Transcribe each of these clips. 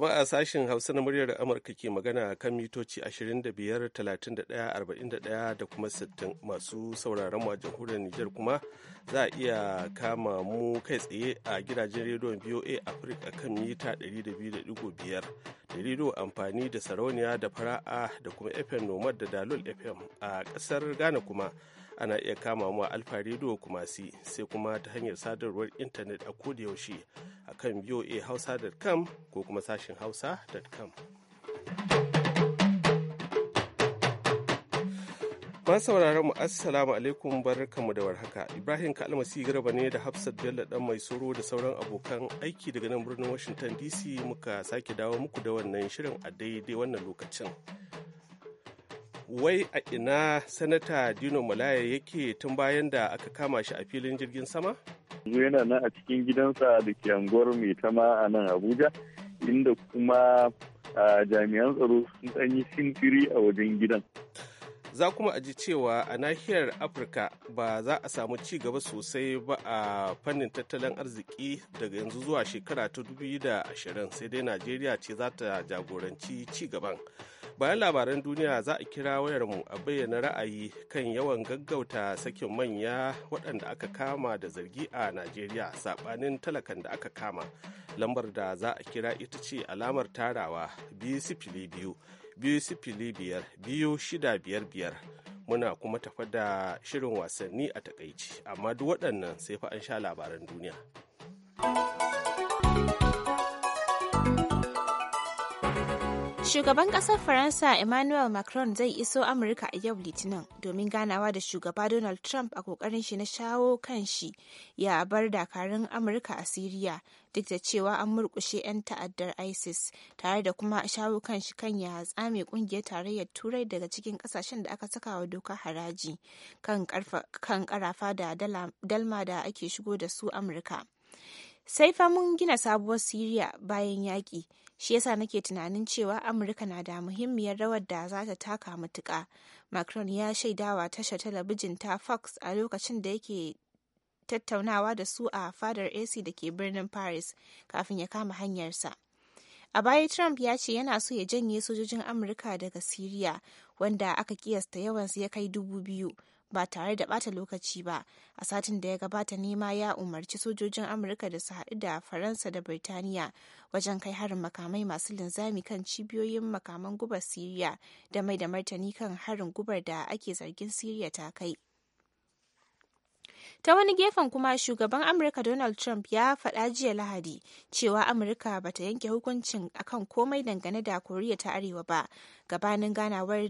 jama'a sashen hausa na muryar amurka ke magana kan mitoci 25 31 da kuma 60 masu sauraron mu a jamhuriyar nijar kuma za a iya kama mu kai tsaye a gidajen rediyon voa afirka kan mita 200.5 da rediyo amfani da sarauniya da fara'a da kuma fm nomad da dalol fm a kasar ghana kuma ana iya kama mu a alfa rediyo kuma si sai kuma ta hanyar sadarwar intanet a kodayaushe a kan voahausa.com ko kuma sashin hausa.com Masu sauraron mu assalamu alaikum barkanmu da warhaka. Ibrahim Kalmasi Garba ne da Hafsat Bello dan mai soro da sauran abokan aiki daga nan birnin Washington DC muka sake dawo muku da wannan shirin a daidai wannan lokacin. wai a ina sanata dino malaya yake tun bayan da aka kama shi a filin jirgin sama yana nan a cikin gidansa da ke anguwar mai tama a nan abuja inda kuma jami'an tsaro sun ɗanyi sintiri a wajen gidan za kuma aji cewa a nahiyar afirka ba za a samu ci gaba sosai ba a fannin tattalin arziki daga yanzu zuwa shekara ta 2020 sai dai najeriya ce za ta jagoranci ci gaban bayan labaran duniya za a kira wayarmu a bayyana ra'ayi kan yawan gaggauta sakin manya waɗanda aka kama da zargi a najeriya saɓanin talakan da aka kama lambar da za a kira ita ce alamar tarawa biyu sifili biyu biyu sifili biyar biyu shida biyar biyar muna kuma tafa da shirin wasanni a takaici amma duk waɗannan sai fa an sha labaran duniya. Shugaban ƙasar Faransa Emmanuel Macron zai iso Amurka a yau Litinin domin ganawa da shugaba Donald Trump a ƙoƙarin shi na shawo kan shi ya bar dakarun Amurka a Siriya duk da cewa an murƙushe 'yan ta'addar ISIS tare da kuma shawo kan shi kan ya tsame ƙungiyar tarayyar Turai daga cikin ƙasashen da aka saka wa doka haraji kan ƙarafa da dalma da ake shigo da su Amurka. Sai fa mun gina sabuwar Siriya bayan yaƙi shi yasa nake tunanin cewa amurka na da muhimmiyar rawar da za ta taka matuƙa macron ya shaidawa tashar talabijin ta fox a lokacin da yake tattaunawa da su a fadar ac da ke birnin paris kafin ya kama hanyarsa a baya trump ya ce yana so ya janye sojojin amurka daga syria wanda aka kiyasta yawansu ya kai dubu biyu ba tare da bata lokaci ba a satin da ya gabata nema ya umarci sojojin amurka da su haɗu da faransa da birtaniya wajen kai harin makamai masu linzami kan cibiyoyin makaman gubar siriya da mai da martani kan harin gubar da ake zargin siriya ta kai ta wani gefen kuma shugaban amurka donald trump ya faɗa jiya lahadi cewa amurka ba ta yanke hukuncin akan komai dangane da koriya ta arewa ba gabanin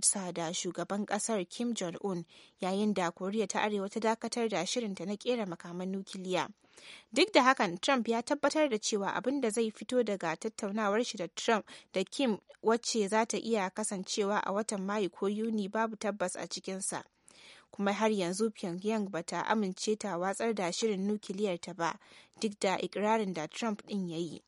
sa da shugaban kasar kim jong-un yayin da koriya ta arewa ta dakatar da shirinta na kera makaman nukiliya duk da hakan trump ya tabbatar da cewa abin da zai fito daga tattaunawar shi da trump da kim wacce za ta iya kasancewa a watan mayu ko yuni babu tabbas a cikinsa kuma har yanzu Pyongyang ba ta amince ta watsar da shirin nukiliyar ta ba duk da ikirarin da Trump din ya yi.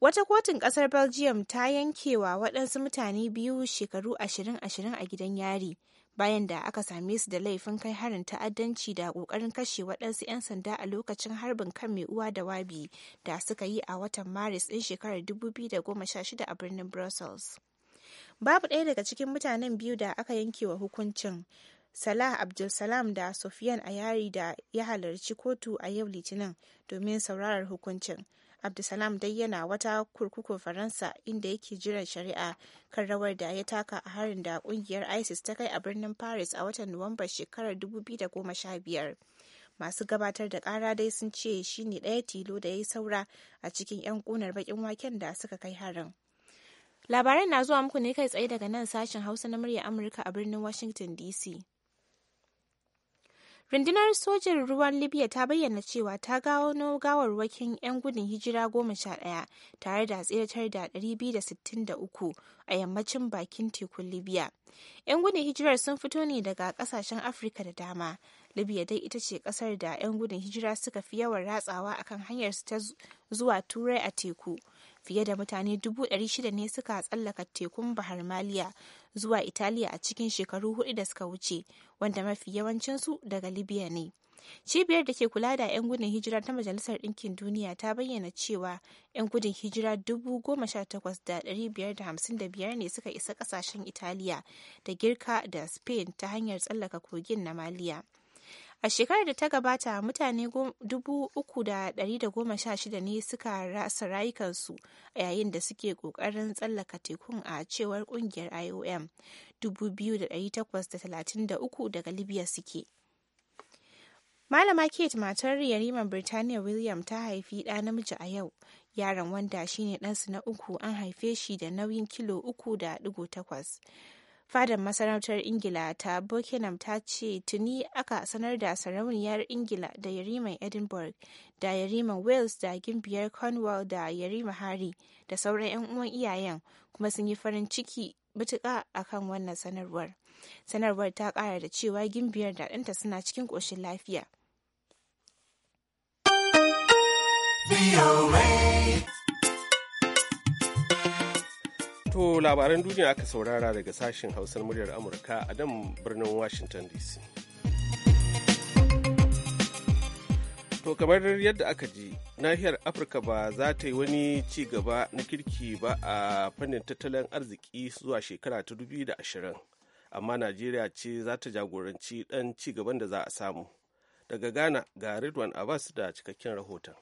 Wata kotun kasar Belgium ta yankewa waɗansu mutane biyu shekaru ashirin-ashirin a gidan yari bayan da aka same su da laifin kai harin ta'addanci da ƙoƙarin kashe waɗansu 'yan sanda a lokacin harbin kan mai uwa da wabi da suka yi a watan Maris ɗin shekarar 2016 a birnin Brussels. babu ɗaya daga cikin mutanen biyu da aka yanke wa hukuncin salah abdulsalam da sofiyan ayari da ya halarci kotu a yau litinin domin saurarar hukuncin abdulsalam dai yana wata kurkukun faransa inda yake jiran shari'a kan rawar da ya taka a harin da kungiyar isis ta kai a birnin paris a watan nuwambar shekarar 2015 masu gabatar da kara dai sun ce shine ɗaya tilo da ya saura a cikin 'yan kunar baƙin waken da suka kai harin Labaran na zuwa muku ne kai tsaye daga nan sashen Hausa na murya Amurka a birnin Washington DC. Rundunar sojin ruwan Libya ta bayyana cewa ta gano gawarwakin 'yan gudun hijira goma sha ɗaya tare da tsiratar da 263 a yammacin bakin tekun Libya. 'Yan gudun hijirar sun fito ne daga kasashen Afirka da dama. Libya dai ita ce kasar da 'yan gudun hijira suka fi yawan ratsawa akan hanyarsu ta zuwa Turai a teku. fiye da mutane 600 ne suka tsallaka tekun bahar maliya zuwa italiya a cikin shekaru hudu da suka wuce wanda mafi yawancinsu daga libya ne cibiyar da ke kula da 'yan gudun hijira ta majalisar ɗinkin duniya ta bayyana cewa 'yan gudun hijira 18,555 ne suka isa ƙasashen italiya da girka da spain ta hanyar tsallaka kogin na maliya A shekarar da ta gabata mutane 3,316 ne suka rasa rayukansu a yayin da suke kokarin tsallaka tekun a cewar kungiyar IOM 2,833 daga Libya suke. Malama Kate matar yariman Birtaniya William ta haifi ɗa namiji a yau. Yaron wanda shine ɗansu na uku an haife shi da nauyin kilo uku da ɗigo takwas. fadar masarautar ingila ta buckingham ta ce tuni aka sanar da sarauniyar ingila da yariman edinburgh da yariman wales da gimbiyar cornwall da yarima hari da sauran 'yan uwan iyayen kuma sun yi farin ciki matuƙa akan wannan sanarwar sanarwar ta kara da cewa gimbiyar da ɗanta suna cikin ƙoshin lafiya. To labaran duniya aka saurara daga sashen hausar muryar Amurka a dan birnin Washington DC. To kamar yadda aka ji, nahiyar Afirka ba za ta yi wani ci gaba na kirki ba a fannin tattalin arziki zuwa shekara ta dubi da ashirin amma Najeriya ce za ta jagoranci ɗan ci gaban da za a samu. Daga Ghana ga Ridwan Abbas da cikakken rahoton.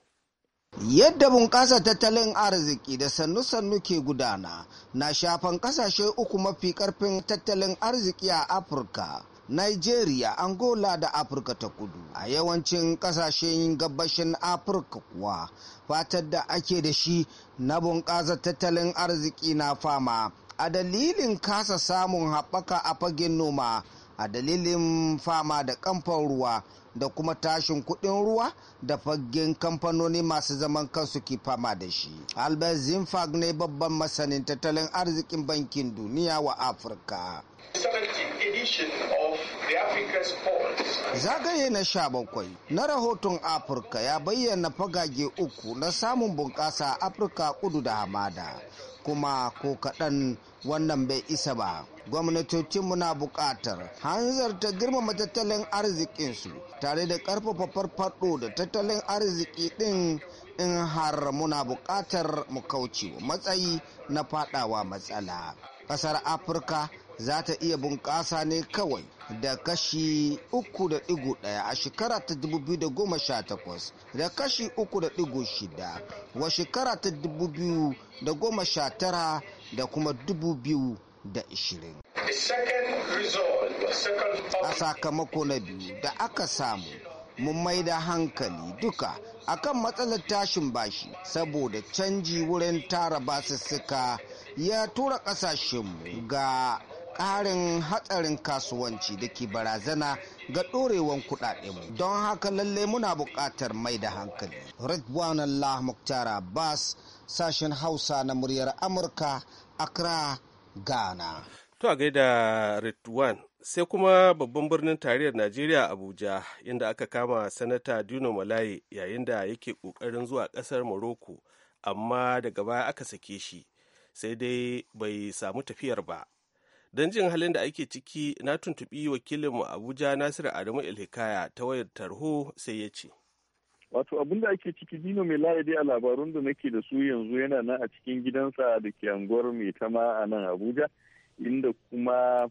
Yadda bunƙasa tattalin arziki da sannu-sannu ke gudana na shafan ƙasashe uku mafi ƙarfin tattalin arziki a Afirka. Nigeria, Angola da Afirka ta kudu. A yawancin ƙasashen gabashin Afirka kuwa fatar da ake da shi na bunƙasa tattalin arziki na fama. A dalilin kasa samun haɓaka a fagen noma, a dalilin fama da kamfan ruwa da kuma tashin kuɗin ruwa da fagen kamfanoni masu zaman kansu ke fama da shi. Albert Zinfag ne babban masanin tattalin arzikin bankin duniya wa Afirka. Zagaye na sha bakwai na rahoton Afirka ya bayyana fagage uku na samun bunƙasa a Afirka kudu da hamada, kuma ko kaɗan wannan bai isa ba. gwamnatocinmu na buƙatar hanzarta girmama tattalin arzikinsu tare da ƙarfafa farfaɗo da tattalin arziki ɗin in har muna buƙatar mu kauce matsayi na faɗawa matsala ƙasar afirka za ta iya bunƙasa ne kawai da kashi 3.1 a shekara ta 2018 da kashi shida wa shekara ta 2019 da kuma biyu. da ishirin. A sakamako na biyu da aka samu mun mai da hankali duka akan matsalar tashin bashi saboda canji wurin tara basussuka ya tura kasashenmu ga ƙarin hatsarin kasuwanci da ke barazana ga ɗorewan mu don haka lalle muna buƙatar mai da hankali. Ridwan Allah Muktar Abbas sashen Hausa na muryar Amurka, Accra, Ghana. To a gaida Ritwan sai kuma babban birnin tarayyar Najeriya Abuja inda aka kama sanata Dino Malaye yayin da yake ƙoƙarin zuwa ƙasar Morocco amma daga baya aka sake shi sai dai bai samu tafiyar ba. Don jin halin da ake ciki na tuntuɓi wakilinmu Abuja Nasiru Adamu Ilhikaya ta wayar tarho sai ya ce. wato abin da ake ciki dino mai lahadi a labarun da nake da su yanzu yana nan a cikin gidansa da ke anguwar mai tama a nan abuja inda kuma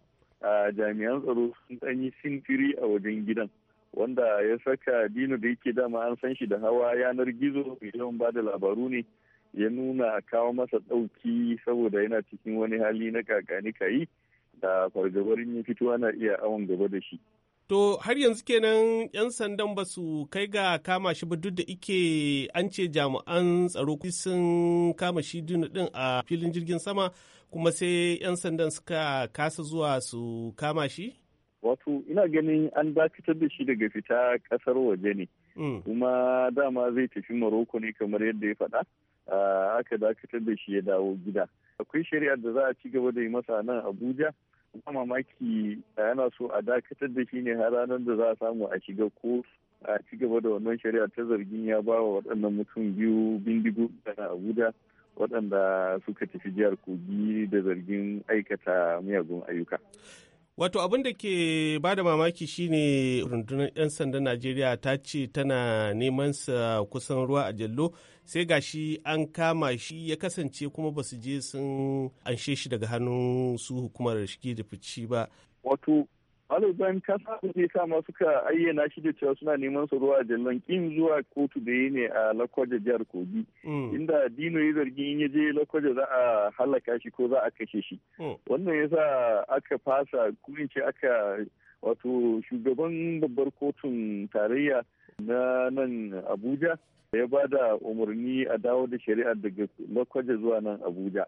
jami'an tsaro sun ɗan sintiri a wajen gidan wanda ya saka dino da yake dama an san shi da hawa yanar gizo mai yawan ba da labaru ne ya nuna kawo masa ɗauki saboda yana cikin wani hali na kakani kayi da fargabar ya fito ana iya awon gaba da shi To har yanzu kenan 'yan sandan ba su kai ga kama shi ba duk da ike an ce jami'an tsaro sun kama shi dinu din a filin jirgin sama kuma sai 'yan sandan suka kasa zuwa su kama shi? Wato ina ganin an dakatar da shi daga fita kasar waje ne. Mm. Kuma dama zai tafi Maroko ne kamar yadda ya faɗa. Aka dakatar da shi ya dawo gida. Akwai shari'ar da za a ci gaba da yi masa nan Abuja. ba mamaki yana so a dakatar da shi ne har ranar da za a samu a shiga ko a ci gaba da wannan shari'a ta zargin ya ba wa waɗannan mutum biyu bindigo da abuja waɗanda suka tafi jihar kogi da zargin aikata miyagun ayyuka wato abin da ke ba da mamaki shine rundunar 'yan sandan najeriya ta ce tana neman sa kusan ruwa a jallo sai ga shi an kama shi ya kasance kuma ba su je sun anshe shi daga hannun su hukumar shige da fici ba wato bayan ka samu zai kama suka ayyana shi da cewa suna neman su ruwa jallan kin zuwa kotu da yi ne a lakwaje jihar kogi mm. inda dino ya zargin ya je lakwaje za a halaka shi ko za a kashe shi mm. wannan sa aka fasa kuma ce aka wato shugaban babbar kotun tarayya na nan abuja da ya ba da umarni a dawo da shari'ar daga lokacin zuwa nan abuja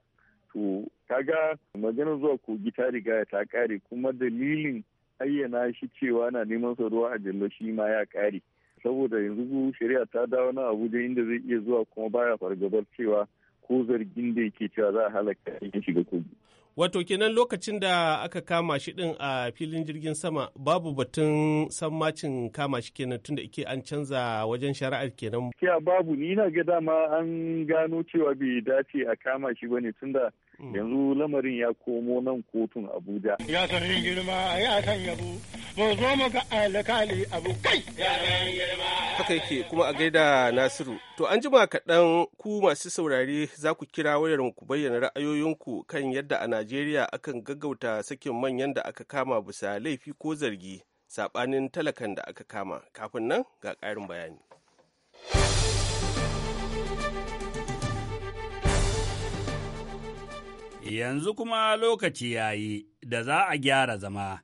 to kaga maganar zuwa kogi ta riga ta kare kuma dalilin ayyana shi cewa na neman ruwa a jallo shi ma ya kare saboda yanzu shari'a ta dawo nan abuja inda zai iya zuwa kuma baya fargabar cewa ko zargin da yake cewa za a halaka ya shiga kogi Wato kenan lokacin da aka kama shi din a filin jirgin sama babu batun sammacin kama shi kenan tunda ike an canza wajen shari'ar kenan. Kiya babu ni na ga dama an gano cewa bai dace a kama shi bane tunda hmm. yanzu lamarin ya komo nan kotun Abuja. Ya san girma ya san yabo. zo ga abu kai haka yake kuma a gaida nasiru to an jima kaɗan ku masu saurari za ku kira wayar ku bayyana ra'ayoyinku kan yadda a najeriya akan gaggauta sakin manyan da aka kama bisa laifi ko zargi saɓanin talakan da aka kama kafin nan ga ƙarin bayani yanzu kuma lokaci ya yi da za a gyara zama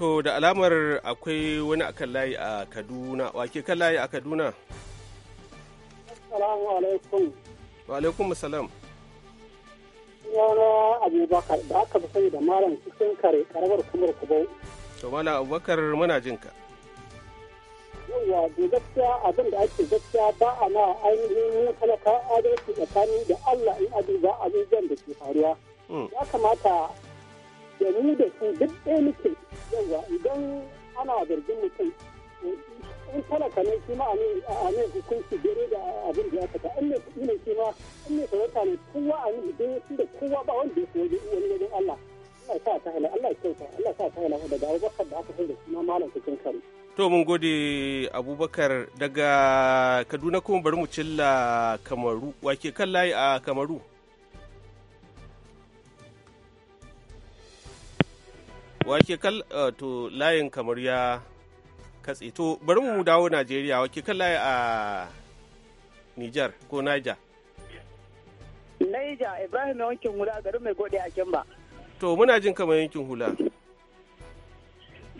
To da alamar akwai wani akan layi a Kaduna, wake kan layi a Kaduna? Assalamu alaikum. Wa alaikum salam. Yana Abubakar da aka fi da malam cikin kare karamar kumar kubau. To malam Abubakar muna jin ka. Yawa da gaskiya abin da ake gaskiya ba a na ainihin mu talaka adalci tsakani da Allah in abin za a da ke faruwa. Hmm. Ya kamata da mu da su duk ɗaya muke yawa idan ana zargin mutum in talaka ne shi ma a ne hukunci dare da abin da ya fata in ne kuɗi ne shi ma in ne sarauta ne kowa a ne idan su da kowa ba wanda ya fi wani wajen Allah Allah sa ta Allah kyauta Allah sa ta abubakar da aka san da suna malam cikin kare. To mun gode Abubakar daga Kaduna kuma bari mu cilla Kamaru wake kan layi a Kamaru. wake kal uh, to layin kamar ya katse to bari mu dawo najeriya wake kal layi a niger ko niger Naija Ibrahim yankin hula garin mai gode a Kimba. To muna jin kamar yankin hula.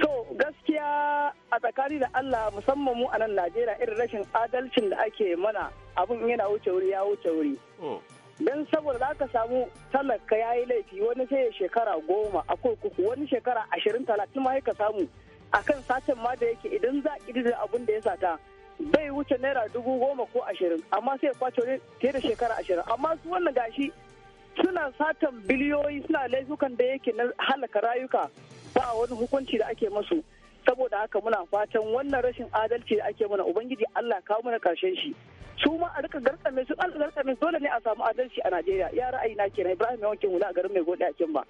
To gaskiya a tsakani da Allah musamman mu a nan Najeriya irin rashin adalcin da ake mana abin yana wuce wuri ya wuce wuri. Oh. don saboda za ka samu talaka ya yi laifi wani sai shekara goma a kurkuku wani shekara ashirin talatin ma ka samu akan satin ma da yake idan za a da abin da ya sata bai wuce naira dubu goma ko ashirin amma sai kwace wani fiye da shekara ashirin amma su wannan gashi suna satan biliyoyi suna laifukan da yake na halaka rayuka ba wani hukunci da ake masu saboda haka muna fatan wannan rashin adalci da ake mana ubangiji allah kawo mana karshen shi su ma a rika garkame su an garkame dole ne a samu adalci a Najeriya ya ra'ayi na kenan Ibrahim yawanke hula a garin mai gode a kin ba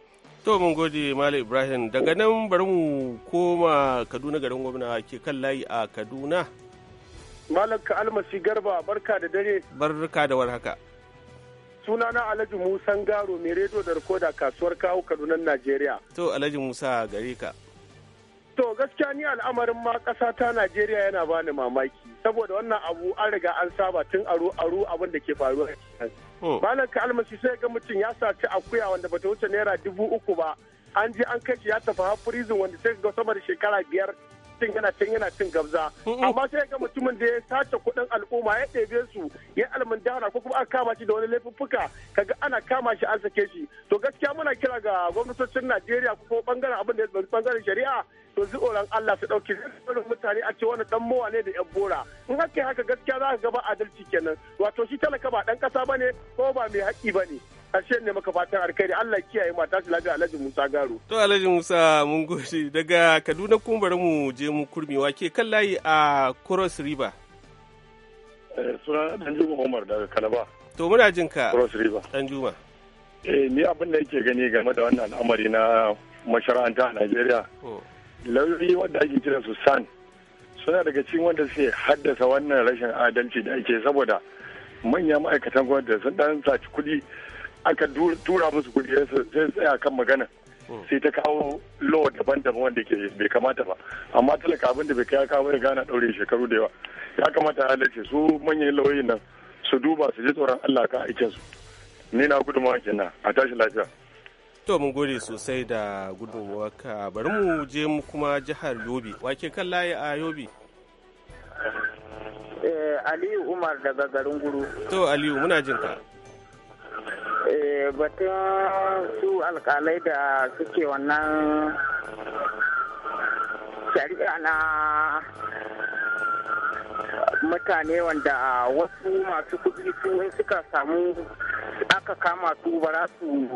to mun gode Malam Ibrahim daga nan bari mu koma Kaduna garin gwamna ke kan layi a Kaduna Malam ka almasi garba barka da dare barka da warhaka na Alhaji Musa Garo mai rediyo da rikoda kasuwar kawo Kaduna Najeriya to Alhaji Musa gari ka To gaskiya ni al'amarin ma ƙasa ta Najeriya yana bani mamaki saboda wannan abu an riga an saba tun aro aro abin da ke faruwa. Oh. Malam ka almasi sai ga mutum ya saci akuya wanda bata wuce naira dubu uku ba an je an kai shi ya tafi hafurizin wanda sai ga sama da shekara biyar cin yana cin yana cin gabza amma sai ga mutumin da ya sace kuɗin al'umma ya ɗebe su ya dara ko kuma aka kama shi da wani laifuffuka kaga ana kama shi an sake shi to gaskiya muna kira ga gwamnatocin Najeriya ko bangaren abin da ya bangaren shari'a to ji tsoron Allah su dauki irin mutane a ce wani dan mowa ne da yan bora in haka haka gaskiya za ka ba adalci kenan wato shi talaka ba dan kasa bane ko ba mai haƙƙi bane Ashe ne maka fatan alkhairi Allah kiyaye mata su lafiya Alhaji Musa Garo. To Alhaji Musa mun gode daga Kaduna kun bari mu je mu kurmi wake kan layi a Cross River. Eh, suna Danjuma Umar daga Kalaba. To muna jin ka. Cross River. Danjuma. Eh ni abin da yake gani game da wannan al'amari na masharanta a Najeriya. Lauri wanda ake kira su san suna daga cikin wanda suke haddasa wannan rashin adalci da ake saboda manya ma'aikatan gwamnati sun dan saci kuɗi aka tura musu kudi sai tsaya kan magana hmm. sai ta kawo law daban-daban wanda ke bai kamata ba amma talaka abin da bai kai kawo ya gana daure shekaru da yawa ya kamata a halarci su manyan lauyoyin nan su duba su ji tsoron Allah ka aikin su ni na gudunmawa kenan a tashi lafiya to mun gode sosai da gudunmawarka bari mu je mu kuma jihar Yobe wake kan layi a Yobe eh, Aliyu Umar daga garin Guru. To Aliyu muna jin ka. Eh, batun su alkalai da suke wannan shari'a na mutane wanda wasu masu kuɗi su suka samu aka kama su ba za su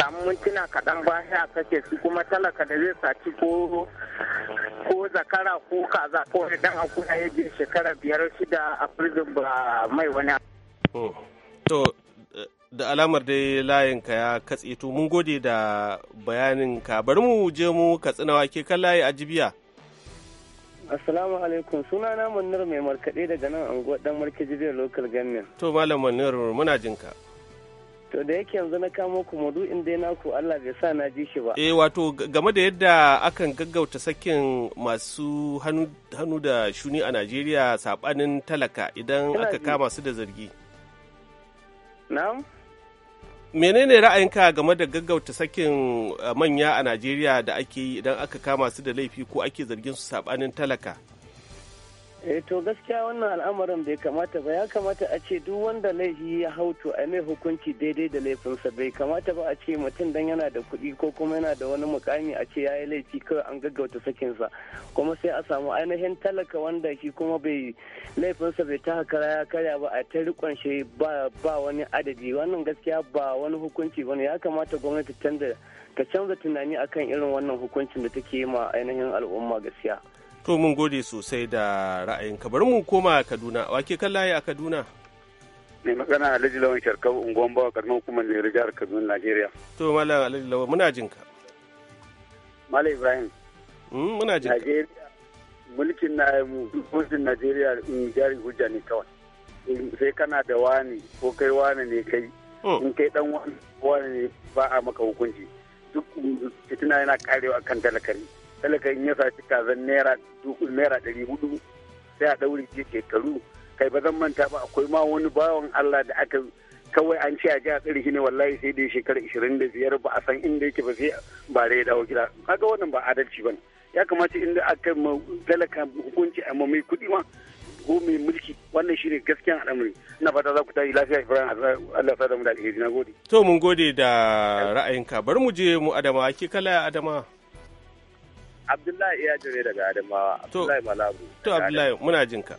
samu mintuna kaɗan ba a kake su kuma talaka da zai saci ko ko zakara ko kaza ko da dan ya shekara biyar shida a prison ba mai wani oh. to da alamar dai layinka ya katse to mun gode da bayaninka bari mu je mu katsina ke kan layi a jibiya Assalamu alaikum suna na Munir mai markaɗe daga nan anguwar dan markaji jibiyar local government. To malam Munir muna jinka. To da yake yanzu na kamo ku maudu'in dai naku Allah bai sa na ji shi ba. Eh wato game da yadda akan gaggauta sakin masu hannu da shuni a Najeriya sabanin talaka idan aka kama su da zargi. Na'am. menene ra'ayinka game da gaggauta sakin eh, manya a najeriya da ake yi idan aka kama su da laifi ko ake zargin su sabanin talaka eh to gaskiya wannan al'amarin bai kamata ba ya kamata a ce duk wanda laifi ya hautu a mai hukunci daidai da laifinsa bai kamata ba a ce mutum dan yana da kuɗi ko kuma yana da wani mukami a ce ya yi laifi kawai an gaggauta sakinsa kuma sai a samu ainihin talaka wanda shi kuma bai laifinsa bai taka kara ya karya ba a ta riƙon shi ba wani adadi wannan gaskiya ba wani hukunci ba ya kamata gwamnati ta canza tunani akan irin wannan hukuncin da take yi ma ainihin al'umma gaskiya. To mun gode sosai da ra'ayin bari mu koma a Kaduna wake kan layi a Kaduna. Ne magana Alhaji Lawan Sharkau unguwan bawa karnar hukumar mai jihar Kaduna Najeriya. To Malam Alhaji Lawan muna jin ka. Malam Ibrahim. Hmm, muna jin ka. Mulkin na mulkin Najeriya in jari hujja ne kawai. Sai kana da wani ko kai wani ne kai. Hmm. In kai dan wani ne ba a maka hukunci. Duk fitina yana karewa kan talakari. talaka in ya saci kazan naira naira ɗari hudu sai a ɗaure je shekaru kai ba zan manta ba akwai ma wani bawan Allah da aka kawai an ce a ji a tsirki ne wallahi sai dai shekara ishirin da biyar ba a san inda yake ba sai ba da ya dawo gida kaga wannan ba adalci ba ya kamata inda aka ma talaka hukunci a mai kuɗi ma ko mai mulki wannan shine gaskiyan al'amari ina fata za ku tashi lafiya ibrahim Allah sa da mu da alheri na gode to mun gode da ra'ayinka bari mu je mu adama ke kala adama Abdullahi iya jere daga Adamawa, Abdullahi Malabu. To Abdullahi muna jin ka.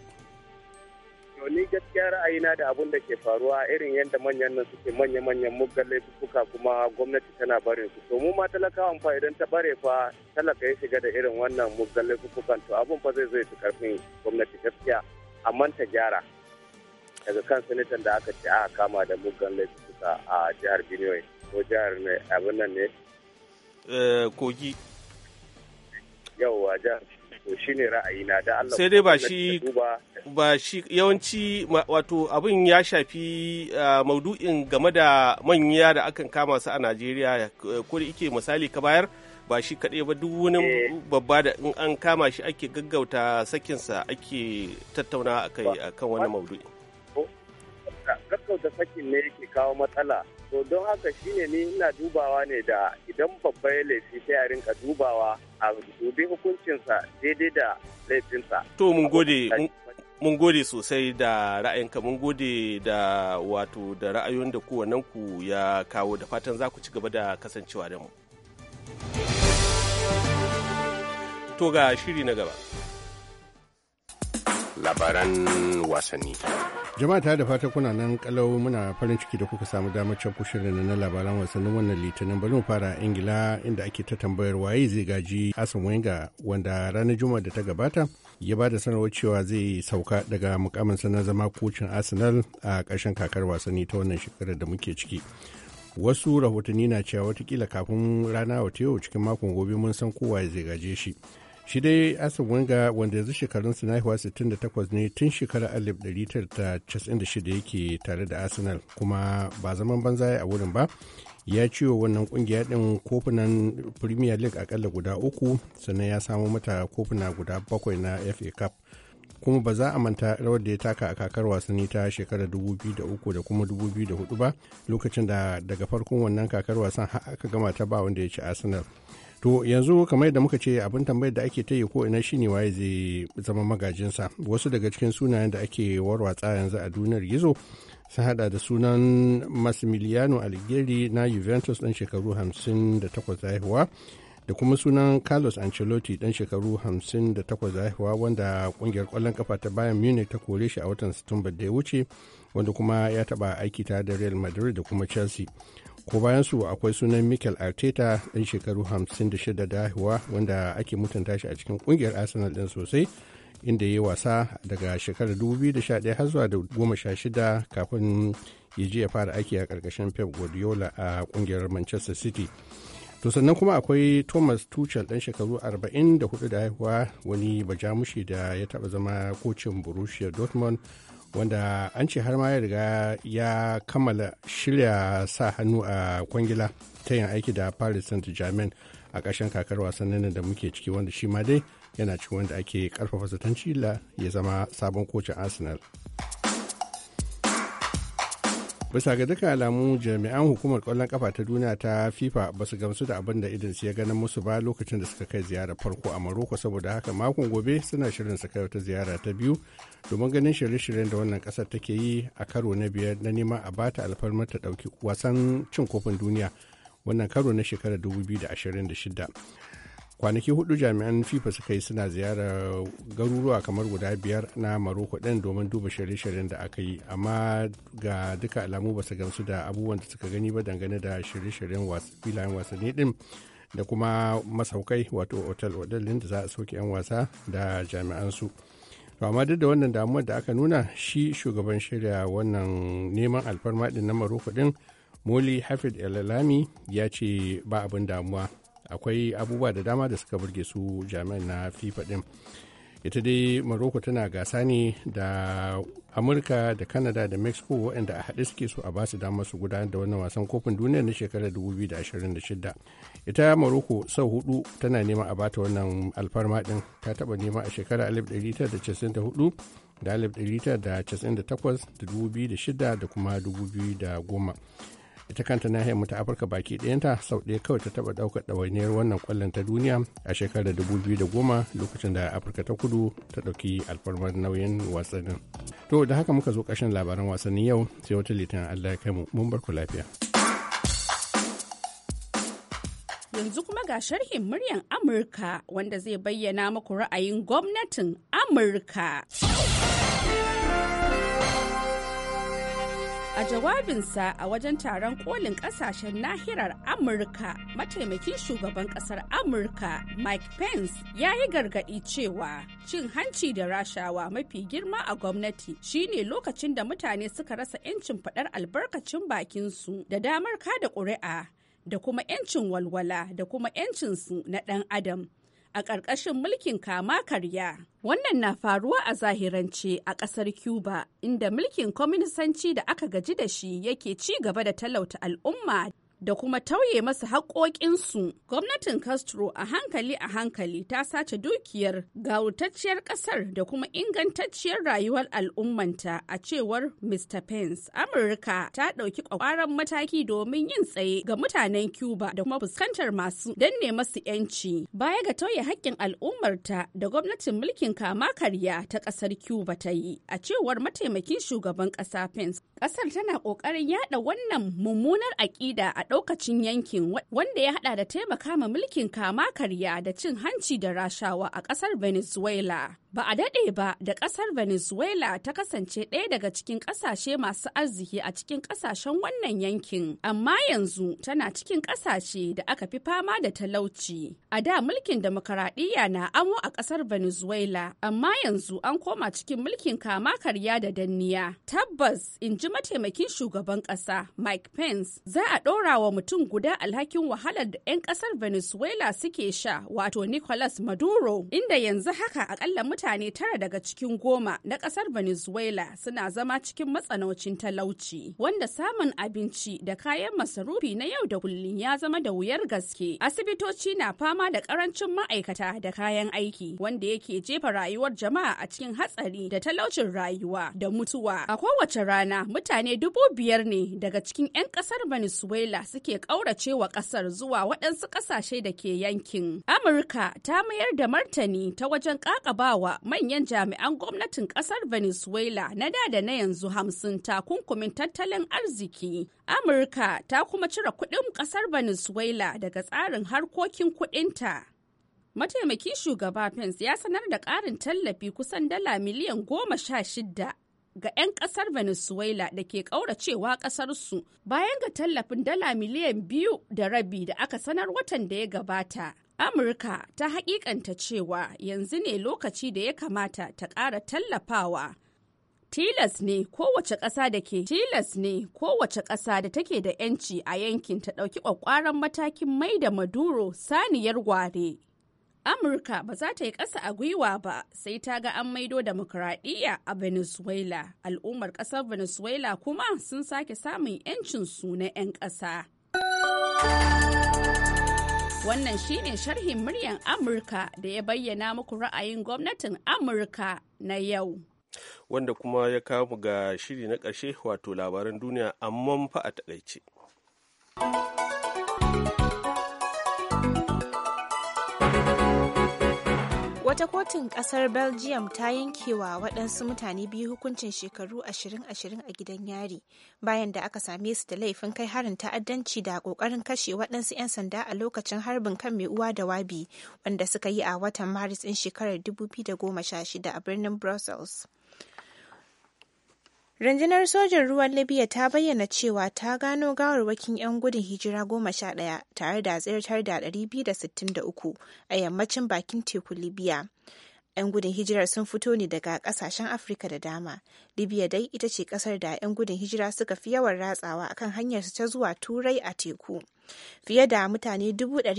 To ni gaskiya ra'ayina da abun da ke faruwa irin yadda manyan nan suke manya-manyan muggan laifuka kuma gwamnati tana barin su. To mu ma talakawan fa idan ta bare fa talaka ya shiga da irin wannan muggan laifukan to abun fa zai zo ya karfin gwamnati gaskiya amma ta gyara. Daga kan sanatan da aka ce aka kama da muggan laifuka a jihar Benue ko jihar abin nan ne. Eh, Kogi. yawwa ja to ra'ayina da Allah sai dai ba shi ba shi yawanci wato abin ya shafi ah, maudu'in game da manya da akan kama su a Najeriya eh, ko da yake misali ka bayar ba shi kaɗai ba duk wani eh. babba da in an kama shi ake gaggauta sakinsa ake tattauna akan wani maudu'i haka gaggauta sakin ne yake kawo matsala to don haka shine ni ina dubawa ne da idan babba ya laifi sai a rinka dubawa a dubi hukuncinsa daidai da laifinsa to mun gode mun gode sosai da ra'ayinka mun gode da wato da ra'ayoyin da kowannen ku ya kawo da fatan za ku ci gaba da kasancewa da mu to ga shiri na gaba labaran wasanni jama'a ta da fata kuna nan kalau muna farin ciki da kuka samu damar can shirin na labaran wasannin wannan litinin bari mu fara ingila inda ake ta tambayar waye zai gaji hassan wenga wanda ranar juma'a da ta gabata ya ba da sanarwar cewa zai sauka daga mukaminsa na zama kocin arsenal a ƙarshen kakar wasanni ta wannan shekarar da muke ciki wasu rahotanni na cewa watakila kafin rana wata yau cikin makon gobe mun san kowa zai gaje shi shi dai asan wanga wanda yanzu su na haihuwa 68 ne tun shekarar 1996 yake tare da arsenal kuma ba zaman banza a wurin ba ya ciwo wannan kungiya din kofunan premier league akalla guda uku sannan ya samo mata kofuna guda bakwai na fa cup kuma ba za a manta rawar da ya taka a kakar wasanni ta shekarar 2003 da kuma 2004 ba lokacin da daga farkon wannan kakar wasan har aka gama ta ba wanda ya ci arsenal To yanzu kamar da muka ce abin tambayar da ake ta yi ko ina shi ne waye zai zama magajinsa wasu daga cikin sunayen da ake warwatsa yanzu a duniyar gizo sun hada da sunan Massimiliano algeri na Juventus dan shekaru 58 da da kuma sunan Carlos Ancelotti dan shekaru 58 da wanda kungiyar kwallon kafa ta bayan Munich ta kore shi a watan Satumba da ya wuce wanda kuma ya taba aiki ta da Real Madrid da kuma Chelsea. ko bayan su akwai sunan mikel arteta ɗan shekaru 56 da haihuwa wanda ake mutunta shi a cikin kungiyar arsenal ɗin sosai inda ya wasa daga shekarar 2011 har zuwa da 16 kafin ya je ya fara aiki a karkashin pep guardiola a kungiyar manchester city to sannan kuma akwai thomas tuchel ɗan shekaru 44 da haihuwa wani bajamushi da ya taɓa zama kocin borussia dortmund wanda an ce har ma ya riga ya kammala shirya sa hannu a kwangila ta yin aiki da paris saint germain a ƙarshen kakar wasannin da muke ciki wanda shi ma dai yana cikin wanda ake ƙarfafa zatan cila ya zama sabon kocin arsenal bisa ga duka alamu jami'an hukumar kwallon kafa ta duniya ta fifa ba su gamsu da abin da idan ya ganin musu ba lokacin da suka kai ziyarar farko a maroko saboda haka makon gobe suna shirin su kai wata ziyara ta biyu domin ganin shirye-shiryen da wannan kasar take yi a karo na biyar na neman a bata alfarmar ta dauki wasan cin kofin duniya wannan karo na shekarar 2026 kwanaki hudu jami'an fifa suka yi suna ziyara garuruwa kamar guda biyar na maroko ɗin domin duba shirye-shiryen da aka yi amma ga duka alamu ba su gamsu da abubuwan da suka gani ba dangane da shirye-shiryen filayen wasanni din da kuma masaukai wato otal-otal da za a soke 'yan wasa da jami'an su amma duk da wannan damuwar da aka nuna shi shugaban shirya wannan neman alfarma din na maroko din moli hafid el ya ce ba abin damuwa akwai abubuwa da dama da suka burge su jami'an na fifa din ita dai morocco tana gasa ne da amurka da canada da mexico waɗanda a haɗe suke so a ba su damar su gudanar da wannan wasan kofin duniya na shekarar 2026 ita morocco sau hudu tana nema a bata wannan alfarma ɗin ta taba nema a shekara 1994 da 1998 da 2006 da kuma 2010 ita kanta nahiyar mu ta afirka baki ɗayanta sau ɗaya kawai ta taɓa ɗaukar ɗawainiyar wannan ƙwallon ta duniya a shekarar 2010 lokacin da afirka ta kudu ta ɗauki alfarmar nauyin wasannin to da haka muka zo ƙarshen labaran wasannin yau sai wata litinin allah ya kai mu mun bar ku lafiya yanzu kuma ga sharhin muryan amurka wanda zai bayyana muku ra'ayin gwamnatin amurka A jawabinsa a wajen taron kolin kasashen nahirar Amurka, mataimakin shugaban kasar Amurka Mike Pence ya yi gargaɗi cewa cin hanci da rashawa mafi girma a gwamnati shine lokacin da mutane suka rasa 'yancin faɗar albarkacin bakinsu da damar kada ƙuri'a da kuma 'yancin walwala da kuma 'yancinsu na ɗan adam. a ƙarƙashin mulkin kama karya. Wannan na faruwa a zahirance a ƙasar Cuba, inda mulkin kwaminisanci da aka gaji da shi yake ci gaba da talauta al'umma da kuma tauye masa haƙoƙinsu. Gwamnatin Castro a hankali a hankali ta sace dukiyar gawurtacciyar ƙasar da kuma ingantacciyar rayuwar al'ummanta a cewar Mr. Pence. Amurka ta ɗauki ƙwaƙwaran mataki domin yin tsaye ga mutanen Cuba da kuma fuskantar masu danne masu 'yanci. Baya ga tauye haƙƙin al'ummarta da gwamnatin mulkin kama karya ta ƙasar Cuba ta yi a cewar mataimakin shugaban ƙasa Pence. Ƙasar tana ƙoƙarin yaɗa wannan mummunar aƙida a lokacin yankin wanda ya hada da taimaka ma mulkin kama karya da cin hanci da rashawa a ƙasar Venezuela. Ba a daɗe ba da ƙasar Venezuela ta kasance ɗaya daga cikin ƙasashe masu arziki a cikin ƙasashen wannan yankin, amma yanzu tana cikin ƙasashe da aka fi fama da talauci. A da mulkin demokaradiyya na amo a ƙasar Venezuela, amma yanzu an koma cikin mulkin kama karya da danniya. Tabbas, in ji mataimakin shugaban ƙasa Mike Pence, za a ɗora wa mutum guda alhakin wahalar da 'yan ƙasar Venezuela suke sha, wato Nicolas Maduro, inda yanzu haka akalla mutane mutane tara daga cikin goma na ƙasar Venezuela suna zama cikin matsanancin talauci, wanda samun abinci da kayan masarufi na yau da kullum ya zama da wuyar gaske. Asibitoci na fama da ƙarancin ma'aikata da kayan aiki, wanda yake jefa rayuwar jama'a a cikin hatsari da talaucin rayuwa da mutuwa. A kowace rana, mutane dubu biyar ne daga cikin 'yan ƙasar Venezuela suke wa ƙasar zuwa waɗansu ƙasashe da ke yankin. Amurka ta mayar da martani ta wajen ƙaƙabawa manyan jami'an gwamnatin ƙasar Venezuela na da da na yanzu hamsin takunkumin tattalin arziki. Amurka ta kuma cire kuɗin ƙasar Venezuela daga tsarin harkokin kuɗinta. Mataimaki shugaba Pence ya sanar da ƙarin tallafi kusan dala miliyan goma sha shida ga 'yan kasar venezuela da ke ƙauracewa ƙasarsu bayan ga tallafin dala miliyan biyu da rabi da aka sanar watan da ya gabata Amurka ta hakikanta cewa yanzu ne lokaci da ya kamata ta ƙara tallafawa. Tilas ne kowace ƙasa da ke tilas ne kowace ƙasa da take da 'yanci a yankin ta ɗauki ƙwaƙwaran matakin mai da Maduro saniyar ware. Amurka ba za ta yi ƙasa a gwiwa ba sai ta ga an maido demokuraɗiyya a Venezuela. Al'ummar ƙasar Venezuela kuma sun sake samun 'yancinsu na 'yan ƙasa. Wannan shine sharhin muryan Amurka da ya bayyana muku ra'ayin gwamnatin Amurka na yau. Wanda kuma ya kamu ga shiri na ƙarshe wato labaran duniya amma fa a taƙaice. Wata kotun kasar Belgium ta yankewa waɗansu mutane biyu hukuncin shekaru 20-20 a gidan yari bayan da aka same su da laifin kai harin ta'addanci da ƙoƙarin kashe waɗansu 'yan sanda a lokacin harbin kan mai uwa da wabi wanda suka yi a watan Maris ɗin shekarar 2016 a birnin Brussels. Rundunar sojan ruwan Libya ta bayyana cewa ta gano gawarwakin 'yan gudun hijira goma sha ɗaya tare da tsirtar da 263 a yammacin bakin teku Libya. 'Yan gudun hijirar sun fito ne daga ƙasashen Afirka da dama. Libya dai ita ce ƙasar da 'yan gudun hijira suka fi yawan ratsawa akan hanyarsu ta zuwa Turai a teku. Fiye da mutane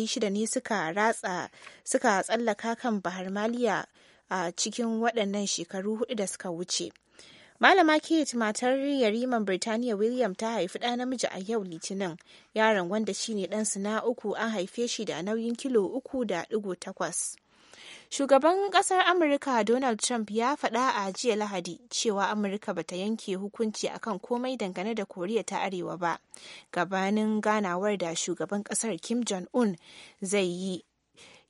shida ne suka ratsa suka tsallaka kan Bahar Maliya a cikin waɗannan shekaru hudu da suka wuce. Malama Kate matar yariman Birtaniya William ta haifi ɗa namiji a yau Litinin. Yaron wanda shine ɗan na uku an haife shi da nauyin kilo uku da ɗigo takwas. Shugaban ƙasar Amurka Donald Trump ya faɗa a jiya Lahadi cewa Amurka bata yanke hukunci akan komai dangane da Koriya ta Arewa ba, gabanin ganawar da shugaban ƙasar Kim Jong-un zai yi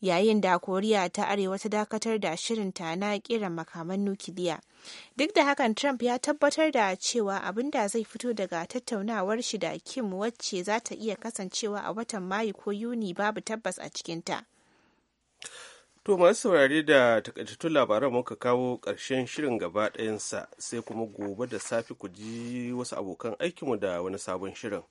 yayin da Koriya ta Arewa ta dakatar da shirinta na kiran makaman nukiliya. Duk da hakan Trump ya tabbatar da cewa abin da zai fito daga tattaunawar shi da Kim wacce za ta iya kasancewa a watan Mayu ko Yuni babu tabbas a cikinta. To masu saurare da takaitattun labaran muka kawo ƙarshen shirin gaba ɗayansa sai kuma gobe da safe ku ji wasu abokan aikinmu da wani sabon shirin.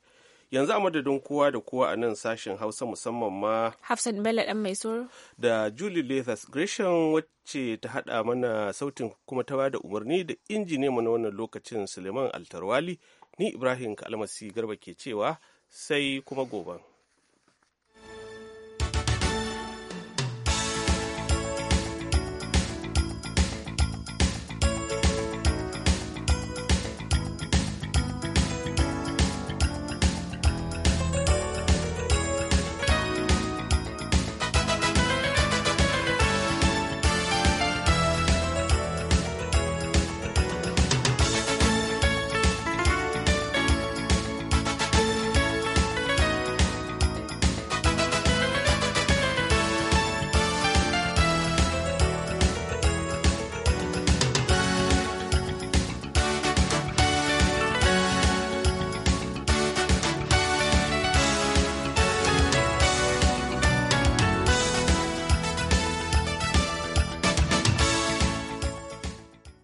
yanzu a madadin kowa da kowa a nan sashen hausa musamman ma hafsan bello dan mai soro da julie lathas gresham wacce ta hada mana sautin kuma ta bada umarni da injiniya mu mana wannan lokacin suleiman altarwali ni ibrahim kalmasi garba ke cewa sai kuma goban.